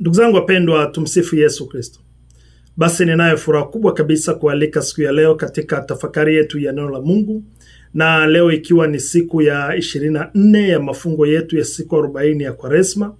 Ndugu zangu wapendwa, tumsifu Yesu Kristo. Basi ninayo furaha kubwa kabisa kualika siku ya leo katika tafakari yetu ya neno la Mungu, na leo ikiwa ni siku ya 24 ya mafungo yetu ya siku 40 ya Kwaresma,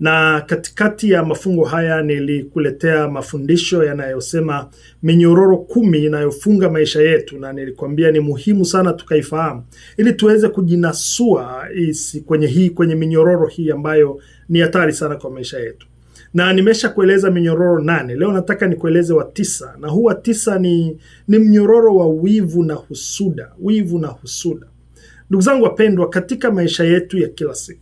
na katikati ya mafungo haya nilikuletea mafundisho yanayosema minyororo kumi inayofunga maisha yetu, na nilikwambia ni muhimu sana tukaifahamu ili tuweze kujinasua isi kwenye hii kwenye minyororo hii ambayo ni hatari sana kwa maisha yetu na nimesha kueleza minyororo nane. Leo nataka nikueleze wa tisa, na huu wa tisa ni, ni mnyororo wa wivu na husuda. Wivu na husuda, ndugu zangu wapendwa, katika maisha yetu ya kila siku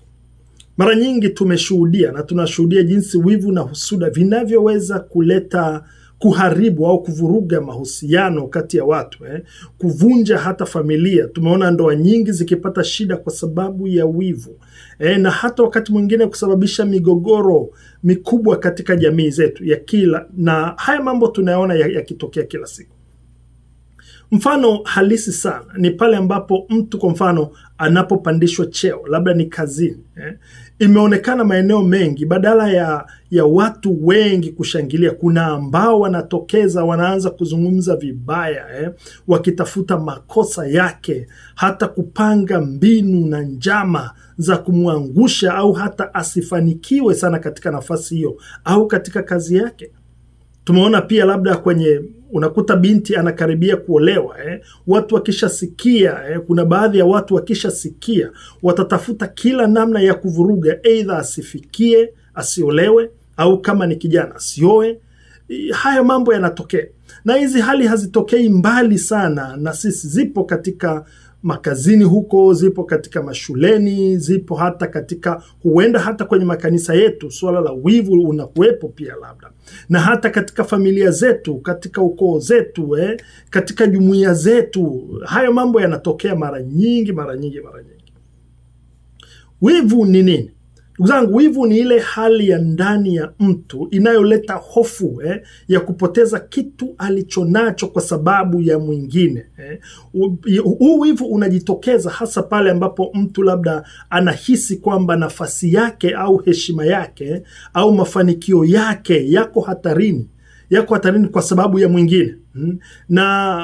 mara nyingi tumeshuhudia na tunashuhudia jinsi wivu na husuda vinavyoweza kuleta kuharibu au kuvuruga mahusiano kati ya watu eh, kuvunja hata familia. Tumeona ndoa nyingi zikipata shida kwa sababu ya wivu eh, na hata wakati mwingine kusababisha migogoro mikubwa katika jamii zetu ya kila, na haya mambo tunayaona yakitokea ya kila siku. Mfano halisi sana ni pale ambapo mtu kwa mfano anapopandishwa cheo, labda ni kazini eh. Imeonekana maeneo mengi, badala ya ya watu wengi kushangilia, kuna ambao wanatokeza wanaanza kuzungumza vibaya eh, wakitafuta makosa yake, hata kupanga mbinu na njama za kumwangusha au hata asifanikiwe sana katika nafasi hiyo au katika kazi yake. Tumeona pia labda kwenye unakuta binti anakaribia kuolewa eh. Watu wakishasikia eh, kuna baadhi ya watu wakishasikia watatafuta kila namna ya kuvuruga, aidha asifikie, asiolewe, au kama ni kijana asioe. Haya mambo yanatokea, na hizi hali hazitokei mbali sana na sisi, zipo katika makazini huko, zipo katika mashuleni, zipo hata katika, huenda hata kwenye makanisa yetu, suala la wivu unakuwepo pia, labda na hata katika familia zetu, katika ukoo zetu, eh, katika jumuiya zetu, hayo mambo yanatokea mara nyingi, mara nyingi, mara nyingi. Wivu ni nini? Ndugu zangu, wivu ni ile hali ya ndani ya mtu inayoleta hofu eh, ya kupoteza kitu alichonacho kwa sababu ya mwingine eh. Huu wivu unajitokeza hasa pale ambapo mtu labda anahisi kwamba nafasi yake au heshima yake au mafanikio yake yako hatarini, yako hatarini kwa sababu ya mwingine hmm. na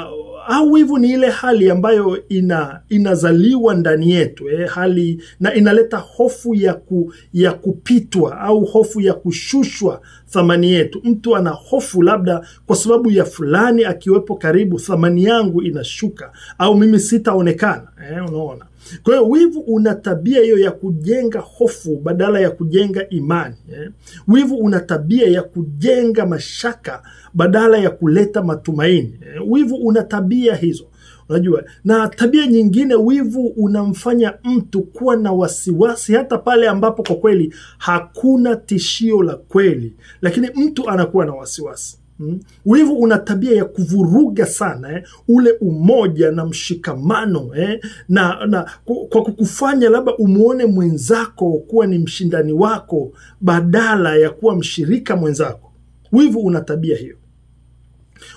au wivu ni ile hali ambayo ina inazaliwa ndani yetu eh, hali na inaleta hofu ya, ku, ya kupitwa au hofu ya kushushwa thamani yetu. Mtu ana hofu labda kwa sababu ya fulani akiwepo karibu, thamani yangu inashuka au mimi sitaonekana eh, unaona kwa hiyo wivu una tabia hiyo ya kujenga hofu badala ya kujenga imani eh. Wivu una tabia ya kujenga mashaka badala ya kuleta matumaini eh. Wivu una tabia hizo unajua, na tabia nyingine, wivu unamfanya mtu kuwa na wasiwasi hata pale ambapo kwa kweli hakuna tishio la kweli, lakini mtu anakuwa na wasiwasi. Hmm? Wivu una tabia ya kuvuruga sana eh, ule umoja na mshikamano eh, na, na kwa kukufanya labda umwone mwenzako kuwa ni mshindani wako badala ya kuwa mshirika mwenzako. Wivu una tabia hiyo.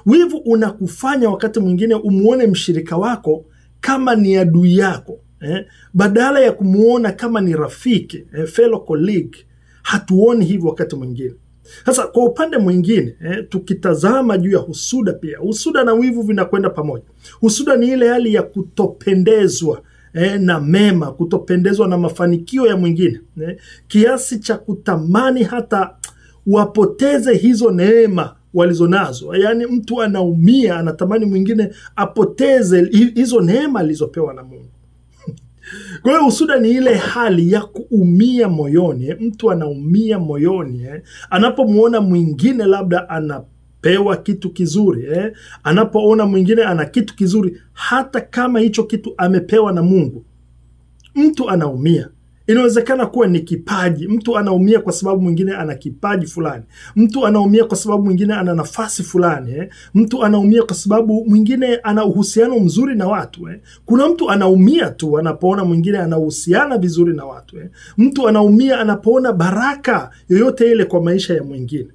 Wivu unakufanya wakati mwingine umwone mshirika wako kama ni adui yako eh, badala ya kumwona kama ni rafiki eh, fellow colleague. Hatuoni hivyo wakati mwingine sasa kwa upande mwingine eh, tukitazama juu ya husuda pia, husuda na wivu vinakwenda pamoja. Husuda ni ile hali ya kutopendezwa eh, na mema, kutopendezwa na mafanikio ya mwingine eh, kiasi cha kutamani hata wapoteze hizo neema walizonazo. Yaani mtu anaumia, anatamani mwingine apoteze hizo neema alizopewa na Mungu. Kwa hiyo usuda ni ile hali ya kuumia moyoni, mtu anaumia moyoni eh, anapomwona mwingine labda anapewa kitu kizuri eh, anapoona mwingine ana kitu kizuri, hata kama hicho kitu amepewa na Mungu, mtu anaumia. Inawezekana kuwa ni kipaji. Mtu anaumia kwa sababu mwingine ana kipaji fulani, mtu anaumia kwa sababu mwingine ana nafasi fulani eh. Mtu anaumia kwa sababu mwingine ana uhusiano mzuri na watu eh. Kuna mtu anaumia tu anapoona mwingine anahusiana vizuri na watu eh. Mtu anaumia anapoona baraka yoyote ile kwa maisha ya mwingine.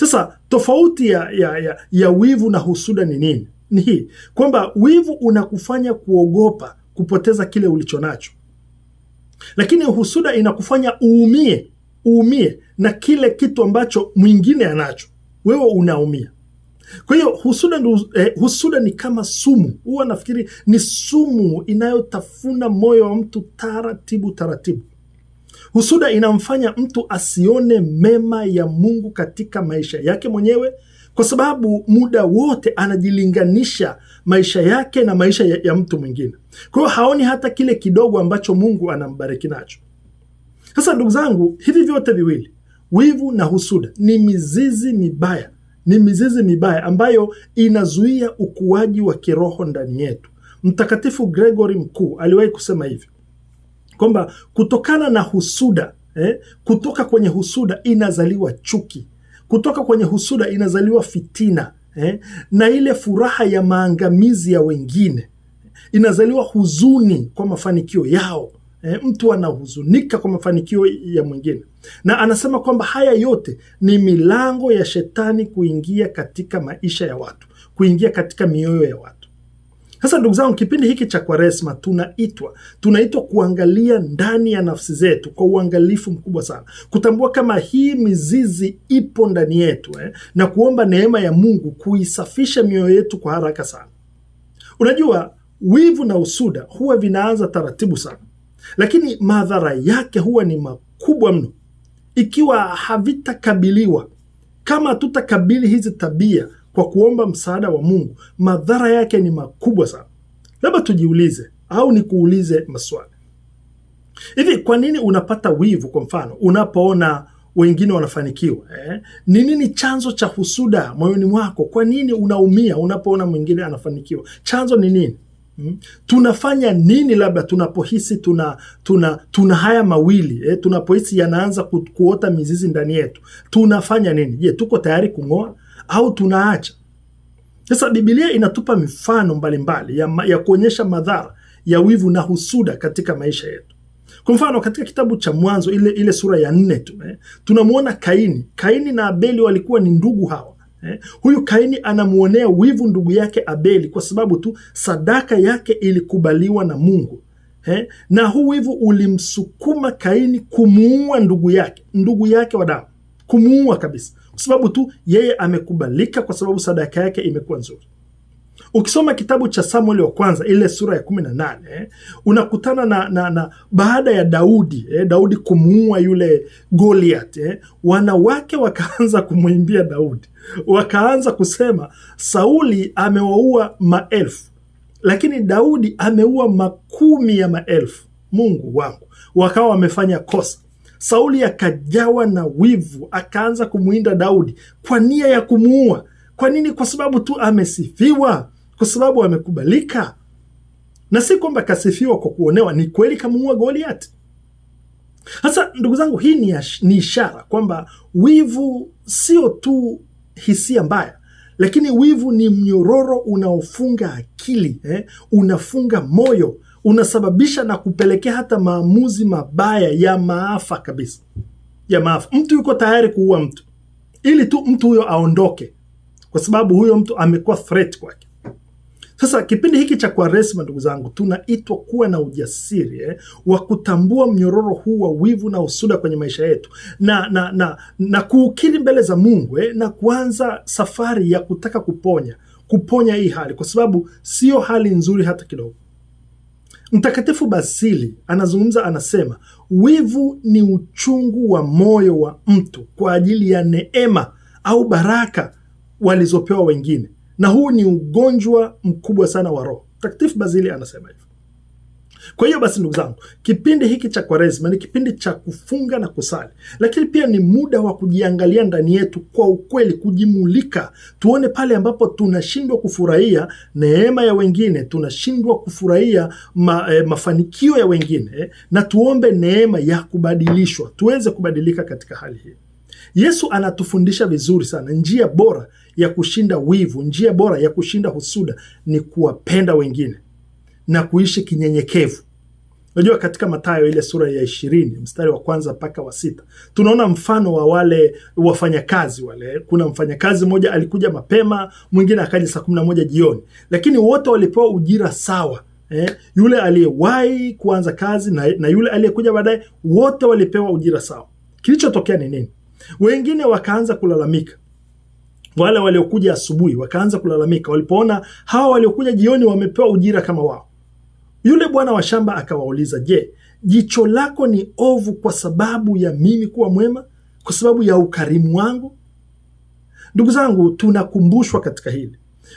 Sasa tofauti ya, ya, ya, ya wivu na husuda ni nini? Ni hii kwamba wivu unakufanya kuogopa kupoteza kile ulichonacho. Lakini husuda inakufanya uumie, uumie na kile kitu ambacho mwingine anacho, wewe unaumia. Kwa hiyo husuda, eh, husuda ni kama sumu. Huwa nafikiri ni sumu inayotafuna moyo wa mtu taratibu taratibu. Husuda inamfanya mtu asione mema ya Mungu katika maisha yake mwenyewe kwa sababu muda wote anajilinganisha maisha yake na maisha ya, ya mtu mwingine. Kwa hiyo haoni hata kile kidogo ambacho Mungu anambariki nacho. Sasa ndugu zangu, hivi vyote viwili, wivu na husuda, ni mizizi mibaya, ni mizizi mibaya ambayo inazuia ukuaji wa kiroho ndani yetu. Mtakatifu Gregory Mkuu aliwahi kusema hivi kwamba kutokana na husuda eh, kutoka kwenye husuda inazaliwa chuki kutoka kwenye husuda inazaliwa fitina eh, na ile furaha ya maangamizi ya wengine inazaliwa huzuni kwa mafanikio yao. Eh, mtu anahuzunika kwa mafanikio ya mwingine, na anasema kwamba haya yote ni milango ya shetani kuingia katika maisha ya watu, kuingia katika mioyo ya watu. Sasa ndugu zangu, kipindi hiki cha Kwaresma tunaitwa tunaitwa kuangalia ndani ya nafsi zetu kwa uangalifu mkubwa sana, kutambua kama hii mizizi ipo ndani yetu eh, na kuomba neema ya Mungu kuisafisha mioyo yetu kwa haraka sana. Unajua, wivu na usuda huwa vinaanza taratibu sana, lakini madhara yake huwa ni makubwa mno ikiwa havitakabiliwa, kama hatutakabili hizi tabia kwa kuomba msaada wa Mungu, madhara yake ni makubwa sana. Labda tujiulize au nikuulize maswali hivi, kwa nini unapata wivu? Kwa mfano unapoona wengine wanafanikiwa eh? Ni nini chanzo cha husuda moyoni mwako? Kwa nini unaumia unapoona mwingine anafanikiwa? Chanzo ni nini? Hmm. Tunafanya nini labda tunapohisi tuna tuna tuna haya mawili eh? Tunapohisi yanaanza ku, kuota mizizi ndani yetu tunafanya nini? Je, tuko tayari kung'oa? au tunaacha? Sasa Biblia inatupa mifano mbalimbali mbali ya, ya kuonyesha madhara ya wivu na husuda katika maisha yetu. Kwa mfano katika kitabu cha Mwanzo ile, ile sura ya nne tu eh, tunamwona Kaini. Kaini na Abeli walikuwa ni ndugu hawa eh. Huyu Kaini anamwonea wivu ndugu yake Abeli kwa sababu tu sadaka yake ilikubaliwa na Mungu eh, na huu wivu ulimsukuma Kaini kumuua ndugu yake ndugu yake wa damu kumuua kabisa, kwa sababu tu yeye amekubalika, kwa sababu sadaka yake imekuwa nzuri. Ukisoma kitabu cha Samueli wa kwanza ile sura ya kumi na nane eh, unakutana na, na, na baada ya Daudi eh, Daudi kumuua yule Goliath eh, wanawake wakaanza kumwimbia Daudi, wakaanza kusema Sauli amewaua maelfu, lakini Daudi ameua makumi ya maelfu. Mungu wangu, wakawa wamefanya kosa Sauli akajawa na wivu, akaanza kumwinda Daudi kwa nia ya kumuua. Kwa nini? Kwa sababu tu amesifiwa, kwa sababu amekubalika, na si kwamba kasifiwa kwa kuonewa. Ni kweli kamuua Goliati. Sasa ndugu zangu, hii ni, ni ishara kwamba wivu sio tu hisia mbaya, lakini wivu ni mnyororo unaofunga akili eh, unafunga moyo unasababisha na kupelekea hata maamuzi mabaya ya maafa kabisa, ya maafa. Mtu yuko tayari kuua mtu ili tu mtu huyo aondoke, kwa sababu huyo mtu amekuwa threat kwake. Sasa kipindi hiki cha Kwaresma, ndugu zangu, tunaitwa kuwa na ujasiri eh, wa kutambua mnyororo huu wa wivu na usuda kwenye maisha yetu na na na, na kuukiri mbele za Mungu eh, na kuanza safari ya kutaka kuponya kuponya hii hali, kwa sababu sio hali nzuri hata kidogo. Mtakatifu Basili anazungumza, anasema wivu ni uchungu wa moyo wa mtu kwa ajili ya neema au baraka walizopewa wengine, na huu ni ugonjwa mkubwa sana wa roho. Mtakatifu Basili anasema hivyo. Kwa hiyo basi, ndugu zangu, kipindi hiki cha Kwaresma ni kipindi cha kufunga na kusali, lakini pia ni muda wa kujiangalia ndani yetu kwa ukweli, kujimulika, tuone pale ambapo tunashindwa kufurahia neema ya wengine, tunashindwa kufurahia ma, eh, mafanikio ya wengine eh, na tuombe neema ya kubadilishwa, tuweze kubadilika katika hali hii. Yesu anatufundisha vizuri sana, njia bora ya kushinda wivu, njia bora ya kushinda husuda ni kuwapenda wengine na kuishi kinyenyekevu. Unajua, katika Mathayo ile sura ya ishirini mstari wa kwanza mpaka wa sita tunaona mfano wa wale wafanyakazi wale. Kuna mfanyakazi mmoja alikuja mapema, mwingine akaja saa kumi na moja jioni, lakini wote walipewa ujira sawa. Eh, yule aliyewahi kuanza kazi na, na yule aliyekuja baadaye wote walipewa ujira sawa. Kilichotokea ni nini? Wengine wakaanza kulalamika, wale waliokuja asubuhi wakaanza kulalamika walipoona hawa waliokuja jioni wamepewa ujira kama wao yule bwana wa shamba akawauliza, je, jicho lako ni ovu kwa sababu ya mimi kuwa mwema, kwa sababu ya ukarimu wangu? Ndugu zangu, tunakumbushwa katika hili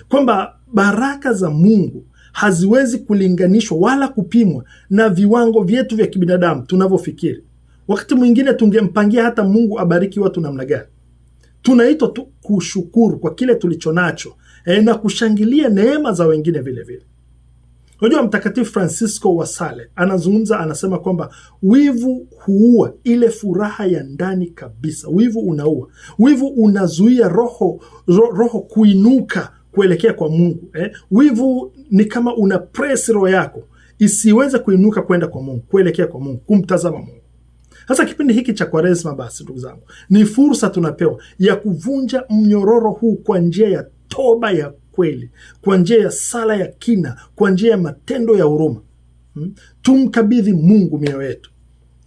kwamba baraka za Mungu haziwezi kulinganishwa wala kupimwa na viwango vyetu vya kibinadamu tunavyofikiri. Wakati mwingine tungempangia hata Mungu abariki watu namna gani. Tunaitwa tu kushukuru kwa kile tulicho nacho e, na kushangilia neema za wengine vilevile vile. Unajua, Mtakatifu Francisco wa Sale anazungumza, anasema kwamba wivu huua ile furaha ya ndani kabisa. Wivu unaua, wivu unazuia roho, ro, roho kuinuka kuelekea kwa Mungu eh. Wivu ni kama una press roho yako isiweze kuinuka kwenda kwa Mungu, kuelekea kwa Mungu, kumtazama Mungu. Sasa kipindi hiki cha Kwaresma, basi ndugu zangu, ni fursa tunapewa ya kuvunja mnyororo huu kwa njia ya toba ya kweli, kwa njia ya sala ya kina, kwa njia ya matendo ya huruma. Hmm? Tumkabidhi Mungu mioyo yetu,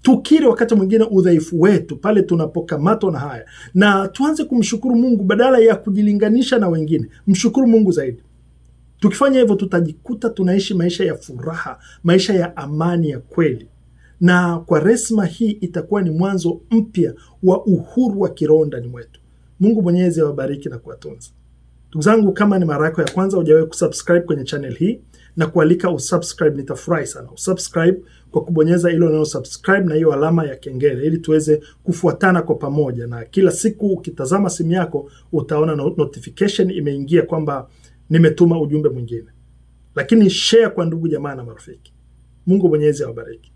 tukiri wakati mwingine udhaifu wetu pale tunapokamatwa na haya, na tuanze kumshukuru Mungu badala ya kujilinganisha na wengine. Mshukuru Mungu zaidi. Tukifanya hivyo, tutajikuta tunaishi maisha ya furaha, maisha ya amani ya kweli, na kwa resma hii itakuwa ni mwanzo mpya wa uhuru wa kiroho ndani mwetu. Mungu Mwenyezi awabariki na kuwatunza. Ndugu zangu, kama ni mara yako ya kwanza hujawahi kusubscribe kwenye channel hii na kualika usubscribe, nitafurahi sana usubscribe kwa kubonyeza ilo neno subscribe na hiyo alama ya kengele, ili tuweze kufuatana kwa pamoja, na kila siku ukitazama simu yako utaona notification imeingia kwamba nimetuma ujumbe mwingine. Lakini share kwa ndugu jamaa na marafiki. Mungu Mwenyezi awabariki.